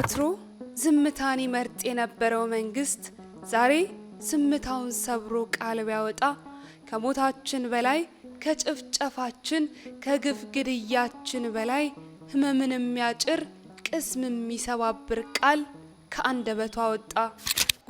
ለወትሮ ዝምታን ይመርጥ የነበረው መንግስት ዛሬ ዝምታውን ሰብሮ ቃል ቢያወጣ ከሞታችን በላይ ከጭፍጨፋችን ከግፍ ግድያችን በላይ ሕመምን የሚያጭር ቅስም የሚሰባብር ቃል ከአንደበቷ አወጣ!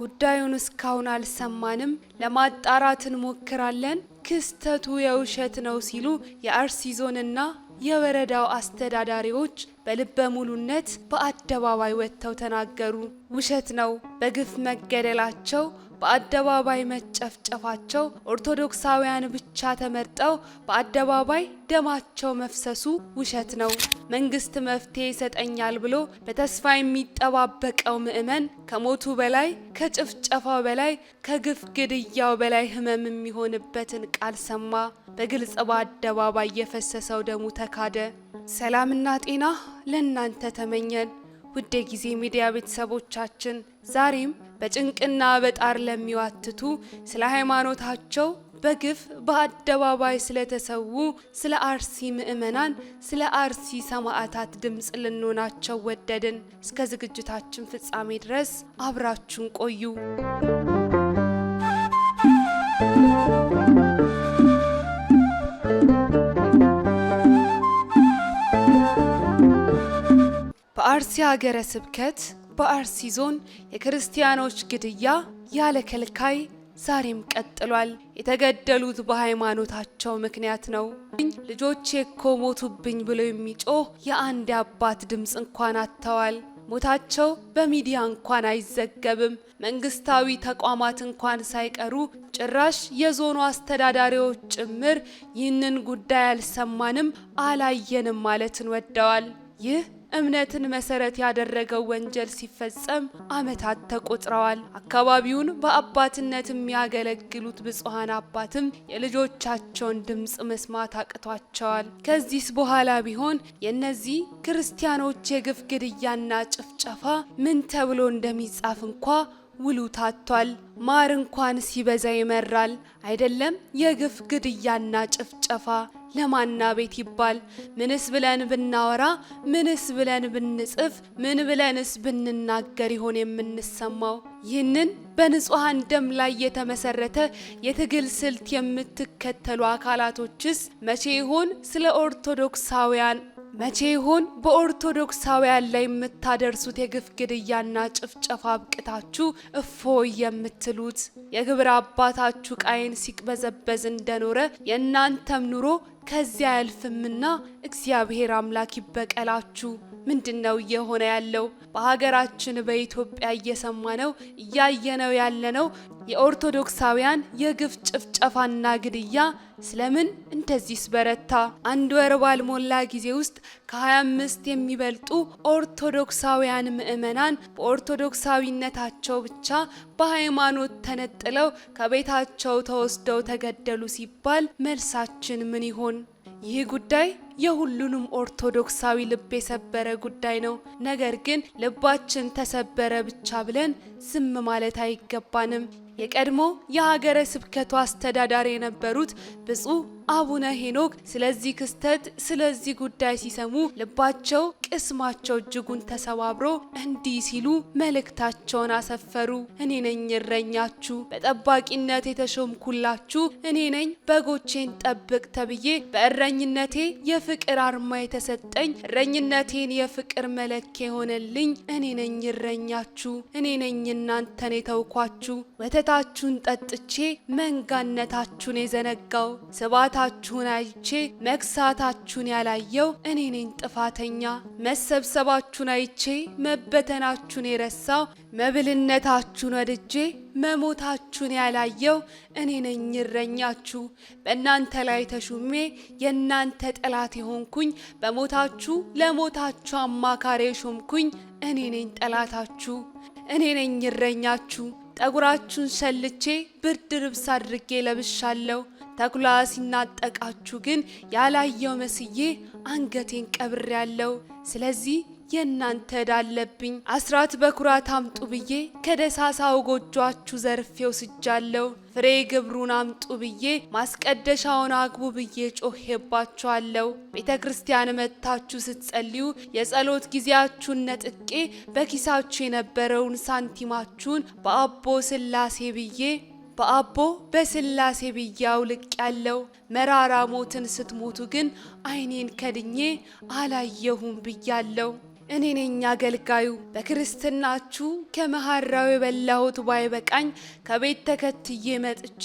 ጉዳዩን እስካሁን አልሰማንም፣ ለማጣራት እንሞክራለን፣ ክስተቱ የውሸት ነው ሲሉ የአርሲ ዞንና የወረዳው አስተዳዳሪዎች በልበ ሙሉነት በአደባባይ ወጥተው ተናገሩ። ውሸት ነው፣ በግፍ መገደላቸው በአደባባይ መጨፍጨፋቸው፣ ኦርቶዶክሳውያን ብቻ ተመርጠው በአደባባይ ደማቸው መፍሰሱ ውሸት ነው። መንግስት መፍትሄ ይሰጠኛል ብሎ በተስፋ የሚጠባበቀው ምዕመን ከሞቱ በላይ ከጭፍጨፋው በላይ ከግፍ ግድያው በላይ ህመም የሚሆንበትን ቃል ሰማ። በግልጽ በአደባባይ የፈሰሰው ደሙ ተካደ። ሰላምና ጤና ለእናንተ ተመኘን። ውድ የጊዜ ሚዲያ ቤተሰቦቻችን ዛሬም በጭንቅና በጣር ለሚዋትቱ ስለ ሃይማኖታቸው በግፍ በአደባባይ ስለተሰዉ ስለ አርሲ ምዕመናን፣ ስለ አርሲ ሰማዕታት ድምፅ ልንሆናቸው ወደድን። እስከ ዝግጅታችን ፍጻሜ ድረስ አብራችሁን ቆዩ። በአርሲ ሀገረ ስብከት በአርሲ ዞን የክርስቲያኖች ግድያ ያለ ከልካይ ዛሬም ቀጥሏል። የተገደሉት በሃይማኖታቸው ምክንያት ነው። ልጆቼ እኮ ሞቱብኝ ብሎ የሚጮህ የአንድ አባት ድምፅ እንኳን አጥተዋል። ሞታቸው በሚዲያ እንኳን አይዘገብም። መንግስታዊ ተቋማት እንኳን ሳይቀሩ ጭራሽ የዞኑ አስተዳዳሪዎች ጭምር ይህንን ጉዳይ አልሰማንም፣ አላየንም ማለት እንወደዋል። ይህ እምነትን መሰረት ያደረገው ወንጀል ሲፈጸም ዓመታት ተቆጥረዋል። አካባቢውን በአባትነት የሚያገለግሉት ብፁዓን አባትም የልጆቻቸውን ድምፅ መስማት አቅቷቸዋል። ከዚህስ በኋላ ቢሆን የእነዚህ ክርስቲያኖች የግፍ ግድያና ጭፍጨፋ ምን ተብሎ እንደሚጻፍ እንኳ ውሉ ታቷል። ማር እንኳን ሲበዛ ይመራል አይደለም የግፍ ግድያና ጭፍጨፋ ለማና ቤት ይባል ምንስ ብለን ብናወራ ምንስ ብለን ብንጽፍ ምን ብለንስ ብንናገር ይሆን የምንሰማው? ይህንን በንጹሐን ደም ላይ የተመሰረተ የትግል ስልት የምትከተሉ አካላቶችስ መቼ ይሆን ስለ ኦርቶዶክሳውያን መቼ ይሆን በኦርቶዶክሳውያን ላይ የምታደርሱት የግፍ ግድያና ጭፍጨፋ አብቅታችሁ እፎይ የምትሉት? የግብረ አባታችሁ ቃይን ሲቅበዘበዝ እንደኖረ የእናንተም ኑሮ ከዚያ አያልፍምና እግዚአብሔር አምላክ ይበቀላችሁ። ምንድን ነው እየሆነ ያለው? በሀገራችን በኢትዮጵያ እየሰማ ነው እያየነው ያለነው የኦርቶዶክሳውያን የግፍ ጭፍጨፋና ግድያ ስለምን እንደዚህስ በረታ? አንድ ወር ባልሞላ ጊዜ ውስጥ ከ25 የሚበልጡ ኦርቶዶክሳውያን ምዕመናን በኦርቶዶክሳዊነታቸው ብቻ በሃይማኖት ተነጥለው ከቤታቸው ተወስደው ተገደሉ ሲባል መልሳችን ምን ይሆን? ይህ ጉዳይ የሁሉንም ኦርቶዶክሳዊ ልብ የሰበረ ጉዳይ ነው። ነገር ግን ልባችን ተሰበረ ብቻ ብለን ዝም ማለት አይገባንም። የቀድሞ የሀገረ ስብከቱ አስተዳዳሪ የነበሩት ብፁዕ አቡነ ሄኖክ ስለዚህ ክስተት ስለዚህ ጉዳይ ሲሰሙ ልባቸው፣ ቅስማቸው እጅጉን ተሰባብሮ እንዲህ ሲሉ መልእክታቸውን አሰፈሩ። እኔ ነኝ እረኛችሁ፣ በጠባቂነት የተሾምኩላችሁ እኔ ነኝ። በጎቼን ጠብቅ ተብዬ በእረኝነቴ የፍቅር አርማ የተሰጠኝ እረኝነቴን የፍቅር መለኪያ የሆነልኝ እኔ ነኝ እረኛችሁ፣ እኔ ነኝ እናንተን የተውኳችሁ፣ ወተታችሁን ጠጥቼ መንጋነታችሁን የዘነጋው ስባት መጥፋታችሁን አይቼ መክሳታችሁን ያላየው እኔ ነኝ ጥፋተኛ። መሰብሰባችሁን አይቼ መበተናችሁን የረሳው መብልነታችሁን ወድጄ መሞታችሁን ያላየው እኔ ነኝ እረኛችሁ። በእናንተ ላይ ተሹሜ የእናንተ ጠላት የሆንኩኝ በሞታችሁ ለሞታችሁ አማካሪ የሾምኩኝ እኔ ነኝ ጠላታችሁ፣ እኔ ነኝ እረኛችሁ። ጠጉራችሁን ሰልቼ ብርድ ልብስ አድርጌ ለብሻለሁ። ተኩላ ሲናጠቃችሁ ግን ያላየው መስዬ አንገቴን ያለው ስለዚህ የእናንተ እዳ አለብኝ። አስራት በኩራት አምጡ ብዬ ከደሳሳው ጎጇችሁ ዘርፌ ወስጃለሁ። ፍሬ ግብሩን አምጡ ብዬ ማስቀደሻውን አግቡ ብዬ ጮሄባችኋለሁ። ቤተ ክርስቲያን መጥታችሁ ስትጸልዩ የጸሎት ጊዜያችሁን ነጥቄ በኪሳችሁ የነበረውን ሳንቲማችሁን በአቦ ስላሴ ብዬ በአቦ በስላሴ ብያው ልቅ ያለው መራራ ሞትን ስትሞቱ ግን አይኔን ከድኜ አላየሁም ብያለው። እኔ ነኝ አገልጋዩ። በክርስትናችሁ ከመሐራው የበላሁት ባይበቃኝ ከቤት ተከትዬ መጥቼ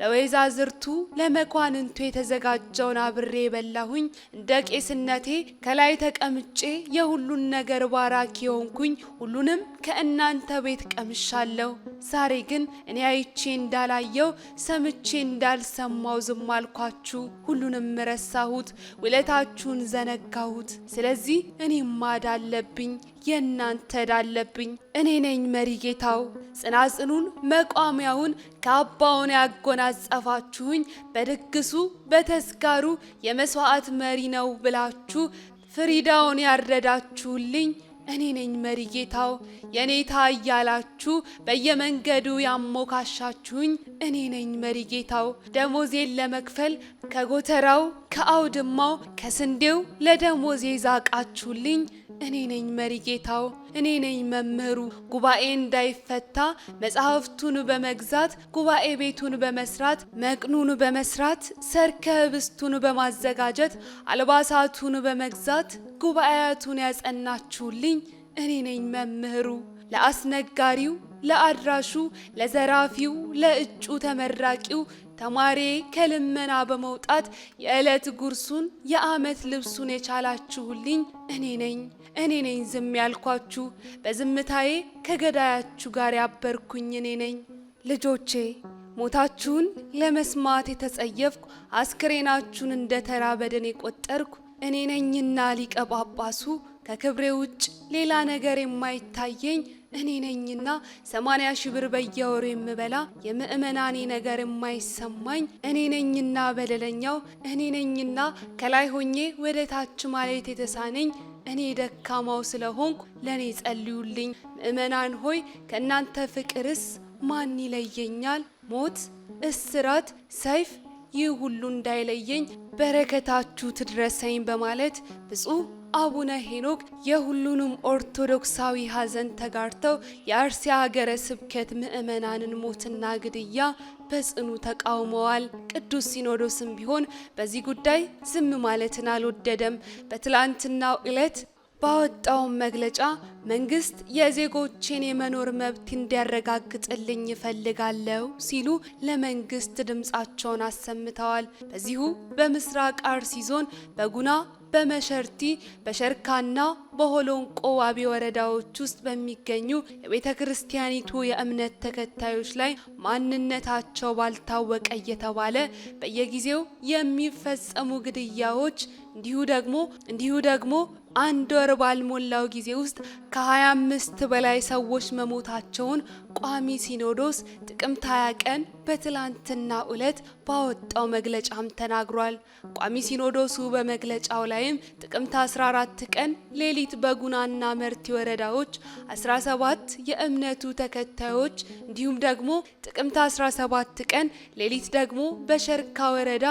ለወይዛዝርቱ ለመኳንንቱ የተዘጋጀውን አብሬ የበላሁኝ እንደ ቄስነቴ ከላይ ተቀምጬ የሁሉን ነገር ባራኪ የሆንኩኝ ሁሉንም ከእናንተ ቤት ቀምሻለሁ። ዛሬ ግን እኔ አይቼ እንዳላየው ሰምቼ እንዳልሰማው ዝም አልኳችሁ፣ ሁሉንም ረሳሁት፣ ውለታችሁን ዘነጋሁት። ስለዚህ እኔም ማዳል አለብኝ፣ የእናንተ ዳለብኝ አለብኝ። እኔ ነኝ መሪ ጌታው፣ ጽናጽኑን መቋሚያውን ካባውን ያጎናጸፋችሁኝ፣ በድግሱ በተዝካሩ የመስዋዕት መሪ ነው ብላችሁ ፍሪዳውን ያረዳችሁልኝ እኔ ነኝ መሪ ጌታው የኔታ እያላችሁ በየመንገዱ ያሞካሻችሁኝ እኔ ነኝ መሪ ጌታው ደሞዜን ለመክፈል ከጎተራው ከአውድማው ከስንዴው ለደሞዜ ዛቃችሁልኝ እኔ ነኝ መሪ ጌታው፣ እኔ ነኝ መምህሩ። ጉባኤ እንዳይፈታ መጽሐፍቱን በመግዛት ጉባኤ ቤቱን በመስራት መቅኑን በመስራት ሰርከ ህብስቱን በማዘጋጀት አልባሳቱን በመግዛት ጉባኤያቱን ያጸናችሁልኝ እኔ ነኝ መምህሩ። ለአስነጋሪው፣ ለአድራሹ፣ ለዘራፊው፣ ለእጩ ተመራቂው ተማሪ ከልመና በመውጣት የዕለት ጉርሱን የዓመት ልብሱን የቻላችሁልኝ እኔ ነኝ እኔ ነኝ ዝም ያልኳችሁ በዝምታዬ ከገዳያችሁ ጋር ያበርኩኝ እኔ ነኝ። ልጆቼ ሞታችሁን ለመስማት የተጸየፍኩ አስክሬናችሁን እንደ ተራ በደን የቆጠርኩ እኔ ነኝና ሊቀ ጳጳሱ ከክብሬ ውጭ ሌላ ነገር የማይታየኝ እኔ ነኝና ሰማንያ ሺህ ብር በየወሩ የምበላ የምእመናኔ ነገር የማይሰማኝ እኔ ነኝና በደለኛው እኔ ነኝና ከላይ ሆኜ ወደ ታች ማለት የተሳነኝ እኔ ደካማው ስለሆንኩ ለእኔ ጸልዩልኝ። ምእመናን ሆይ ከእናንተ ፍቅርስ ማን ይለየኛል? ሞት፣ እስራት፣ ሰይፍ ይህ ሁሉ እንዳይለየኝ በረከታችሁ ትድረሰኝ በማለት ብፁዕ አቡነ ሄኖክ የሁሉንም ኦርቶዶክሳዊ ሀዘን ተጋርተው የአርሲ ሀገረ ስብከት ምዕመናንን ሞትና ግድያ በጽኑ ተቃውመዋል። ቅዱስ ሲኖዶስም ቢሆን በዚህ ጉዳይ ዝም ማለትን አልወደደም። በትላንትናው ዕለት ባወጣውም መግለጫ መንግስት የዜጎችን የመኖር መብት እንዲያረጋግጥልኝ ይፈልጋለሁ ሲሉ ለመንግስት ድምፃቸውን አሰምተዋል። በዚሁ በምስራቅ አርሲ ዞን በጉና በመሸርቲ በሸርካና በሆሎንቆ ዋቢ ወረዳዎች ውስጥ በሚገኙ የቤተ ክርስቲያኒቱ የእምነት ተከታዮች ላይ ማንነታቸው ባልታወቀ እየተባለ በየጊዜው የሚፈጸሙ ግድያዎች እንዲሁ ደግሞ እንዲሁ ደግሞ አንድ ወር ባልሞላው ጊዜ ውስጥ ከ25 በላይ ሰዎች መሞታቸውን ቋሚ ሲኖዶስ ጥቅምት 20 ቀን በትላንትናው ዕለት ባወጣው መግለጫም ተናግሯል። ቋሚ ሲኖዶሱ በመግለጫው ላይም ጥቅምት 14 ቀን ሌሊት በጉናና መርቲ ወረዳዎች 17 የእምነቱ ተከታዮች እንዲሁም ደግሞ ጥቅምት 17 ቀን ሌሊት ደግሞ በሸርካ ወረዳ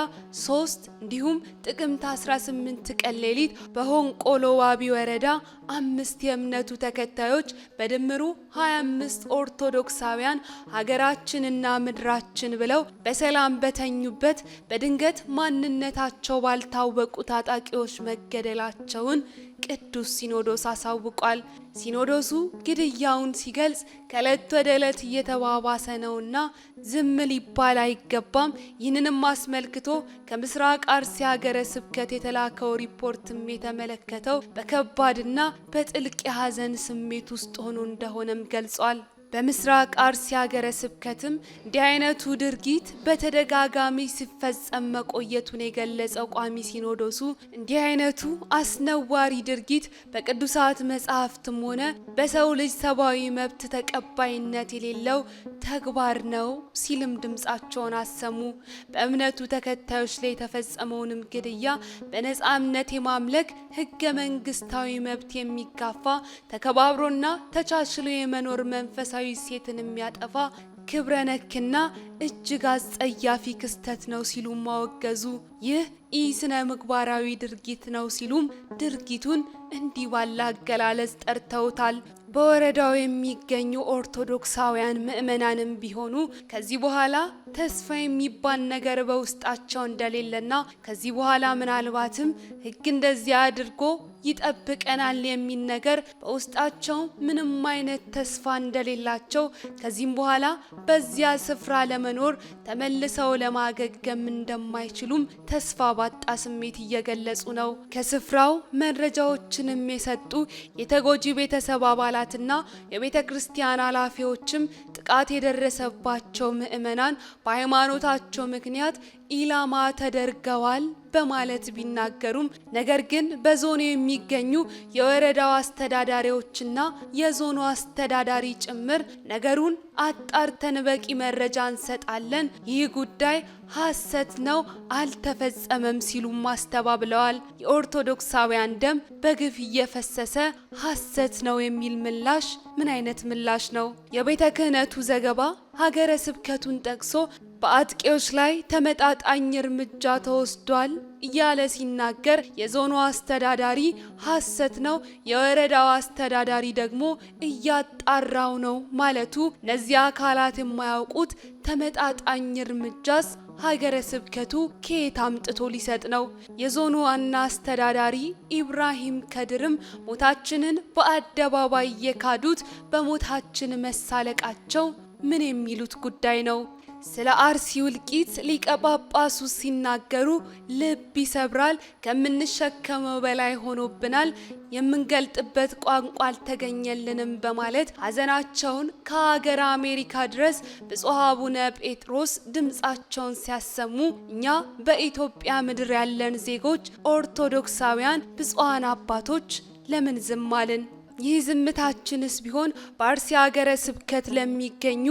3 እንዲሁም ጥቅምት 18 ቀን ሌሊት በሆንቆሎ በዋቢ ወረዳ አምስት የእምነቱ ተከታዮች በድምሩ 25 ኦርቶዶክሳውያን ሀገራችንና ምድራችን ብለው በሰላም በተኙበት በድንገት ማንነታቸው ባልታወቁ ታጣቂዎች መገደላቸውን ቅዱስ ሲኖዶስ አሳውቋል። ሲኖዶሱ ግድያውን ሲገልጽ ከእለት ወደ ዕለት እየተባባሰ ነውና ዝም ሊባል አይገባም። ይህንንም አስመልክቶ ከምስራቅ አርሲ ሀገረ ስብከት የተላከው ሪፖርትም የተመለከተው በከባድና በጥልቅ የሀዘን ስሜት ውስጥ ሆኖ እንደሆነም ገልጿል። በምስራቅ አርሲ ሀገረ ስብከትም እንዲህ አይነቱ ድርጊት በተደጋጋሚ ሲፈጸም መቆየቱን የገለጸው ቋሚ ሲኖዶሱ እንዲህ አይነቱ አስነዋሪ ድርጊት በቅዱሳት መጻሕፍትም ሆነ በሰው ልጅ ሰብአዊ መብት ተቀባይነት የሌለው ተግባር ነው ሲልም ድምጻቸውን አሰሙ። በእምነቱ ተከታዮች ላይ የተፈጸመውንም ግድያ በነፃነት የማምለክ ህገ መንግስታዊ መብት የሚጋፋ ተከባብሮና ተቻችሎ የመኖር መንፈሳዊ ኢትዮጵያዊ ሴትን የሚያጠፋ ክብረ ነክና እጅግ አጸያፊ ክስተት ነው ሲሉ ማወገዙ ይህ ኢ ስነ ምግባራዊ ድርጊት ነው ሲሉም ድርጊቱን እንዲህ ባለ አገላለጽ ጠርተውታል። በወረዳው የሚገኙ ኦርቶዶክሳውያን ምእመናንም ቢሆኑ ከዚህ በኋላ ተስፋ የሚባል ነገር በውስጣቸው እንደሌለና ከዚህ በኋላ ምናልባትም ሕግ እንደዚህ አድርጎ ይጠብቀናል የሚል ነገር በውስጣቸው ምንም አይነት ተስፋ እንደሌላቸው ከዚህም በኋላ በዚያ ስፍራ ለመኖር ተመልሰው ለማገገም እንደማይችሉም ተስፋ በተውጣጣ ስሜት እየገለጹ ነው። ከስፍራው መረጃዎችንም የሰጡ የተጎጂ ቤተሰብ አባላትና የቤተ ክርስቲያን ኃላፊዎችም ጥቃት የደረሰባቸው ምዕመናን በሃይማኖታቸው ምክንያት ኢላማ ተደርገዋል በማለት ቢናገሩም ነገር ግን በዞኑ የሚገኙ የወረዳው አስተዳዳሪዎችና የዞኑ አስተዳዳሪ ጭምር ነገሩን አጣርተን በቂ መረጃ እንሰጣለን፣ ይህ ጉዳይ ሐሰት ነው፣ አልተፈጸመም ሲሉም አስተባብለዋል። የኦርቶዶክሳውያን ደም በግፍ እየፈሰሰ ሐሰት ነው የሚል ምላሽ ምን አይነት ምላሽ ነው? የቤተ ክህነቱ ዘገባ ሀገረ ስብከቱን ጠቅሶ በአጥቂዎች ላይ ተመጣጣኝ እርምጃ ተወስዷል እያለ ሲናገር የዞኑ አስተዳዳሪ ሐሰት ነው፣ የወረዳው አስተዳዳሪ ደግሞ እያጣራው ነው ማለቱ እነዚህ አካላት የማያውቁት ተመጣጣኝ እርምጃስ ሀገረ ስብከቱ ከየት አምጥቶ ሊሰጥ ነው? የዞኑ ዋና አስተዳዳሪ ኢብራሂም ከድርም ሞታችንን በአደባባይ የካዱት በሞታችን መሳለቃቸው ምን የሚሉት ጉዳይ ነው? ስለ አርሲ ውልቂት ሊቀ ጳጳሱ ሲናገሩ ልብ ይሰብራል። ከምንሸከመው በላይ ሆኖብናል፣ የምንገልጥበት ቋንቋ አልተገኘልንም በማለት ሐዘናቸውን ከሀገር አሜሪካ ድረስ ብፁዕ አቡነ ጴጥሮስ ድምፃቸውን ሲያሰሙ እኛ በኢትዮጵያ ምድር ያለን ዜጎች ኦርቶዶክሳውያን ብፁዓን አባቶች ለምን ዝም አልን? ይህ ዝምታችንስ ቢሆን በአርሲ ሀገረ ስብከት ለሚገኙ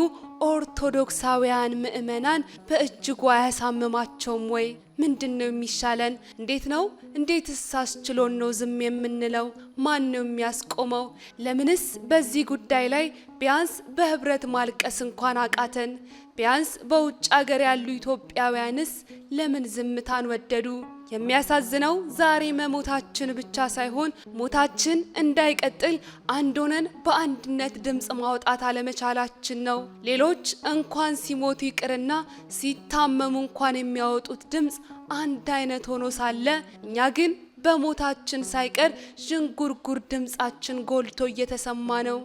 ኦርቶዶክሳውያን ምእመናን በእጅጉ አያሳምማቸውም ወይ? ምንድን ነው የሚሻለን? እንዴት ነው እንዴትስ አስችሎን ነው ዝም የምንለው? ማን ነው የሚያስቆመው? ለምንስ በዚህ ጉዳይ ላይ ቢያንስ በህብረት ማልቀስ እንኳን አቃተን? ቢያንስ በውጭ አገር ያሉ ኢትዮጵያውያንስ ለምን ዝምታን ወደዱ? የሚያሳዝነው ዛሬ መሞታችን ብቻ ሳይሆን ሞታችን እንዳይቀጥል አንድ ሆነን በአንድነት ድምፅ ማውጣት አለመቻላችን ነው። ሌሎች እንኳን ሲሞቱ ይቅርና ሲታመሙ እንኳን የሚያወጡት ድምፅ አንድ አይነት ሆኖ ሳለ እኛ ግን በሞታችን ሳይቀር ዥንጉርጉር ድምፃችን ጎልቶ እየተሰማ ነው።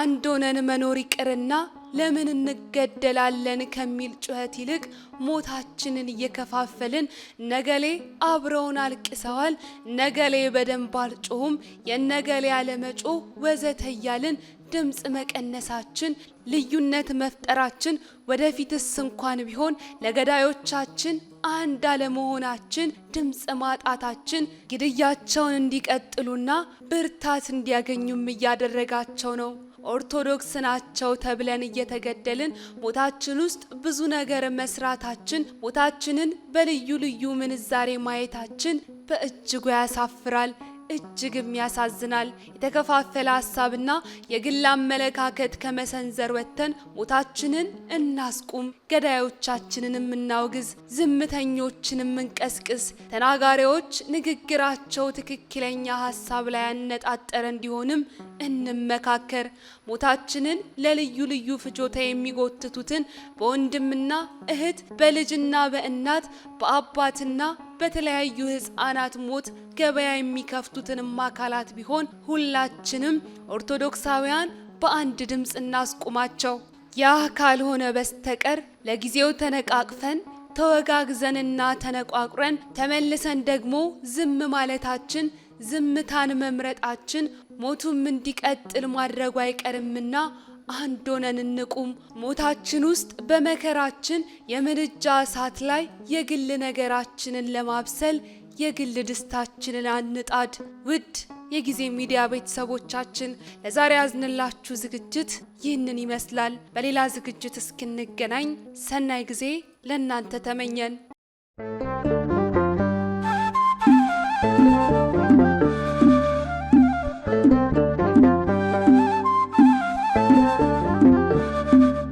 አንድ ሆነን መኖር ይቅርና ለምን እንገደላለን ከሚል ጩኸት ይልቅ ሞታችንን እየከፋፈልን ነገሌ አብረውን አልቅሰዋል፣ ነገሌ በደንብ አልጮሁም፣ የነገሌ ያለመጮ ወዘተ እያልን ድምፅ መቀነሳችን ልዩነት መፍጠራችን ወደፊትስ እንኳን ቢሆን ለገዳዮቻችን አንድ አለመሆናችን ድምፅ ማጣታችን ግድያቸውን እንዲቀጥሉና ብርታት እንዲያገኙም እያደረጋቸው ነው። ኦርቶዶክስ ናቸው ተብለን እየተገደልን ቦታችን ውስጥ ብዙ ነገር መስራታችን፣ ቦታችንን በልዩ ልዩ ምንዛሬ ማየታችን በእጅጉ ያሳፍራል። እጅግም ያሳዝናል። የተከፋፈለ ሀሳብና የግል አመለካከት ከመሰንዘር ወጥተን ሞታችንን እናስቁም፣ ገዳዮቻችንንም እናውግዝ፣ ዝምተኞችንም እንቀስቅስ። ተናጋሪዎች ንግግራቸው ትክክለኛ ሀሳብ ላይ ያነጣጠረ እንዲሆንም እንመካከር ሞታችንን ለልዩ ልዩ ፍጆታ የሚጎትቱትን በወንድምና እህት በልጅና በእናት በአባትና በተለያዩ ሕፃናት ሞት ገበያ የሚከፍቱትንም አካላት ቢሆን ሁላችንም ኦርቶዶክሳውያን በአንድ ድምፅ እናስቁማቸው። ያህ ካልሆነ በስተቀር ለጊዜው ተነቃቅፈን ተወጋግዘንና ተነቋቁረን ተመልሰን ደግሞ ዝም ማለታችን ዝምታን መምረጣችን ሞቱም እንዲቀጥል ማድረጉ አይቀርምና አንድ ሆነን እንቁም። ሞታችን ውስጥ በመከራችን የምድጃ እሳት ላይ የግል ነገራችንን ለማብሰል የግል ድስታችንን አንጣድ። ውድ የጊዜ ሚዲያ ቤተሰቦቻችን ለዛሬ ያዝንላችሁ ዝግጅት ይህንን ይመስላል። በሌላ ዝግጅት እስክንገናኝ ሰናይ ጊዜ ለእናንተ ተመኘን።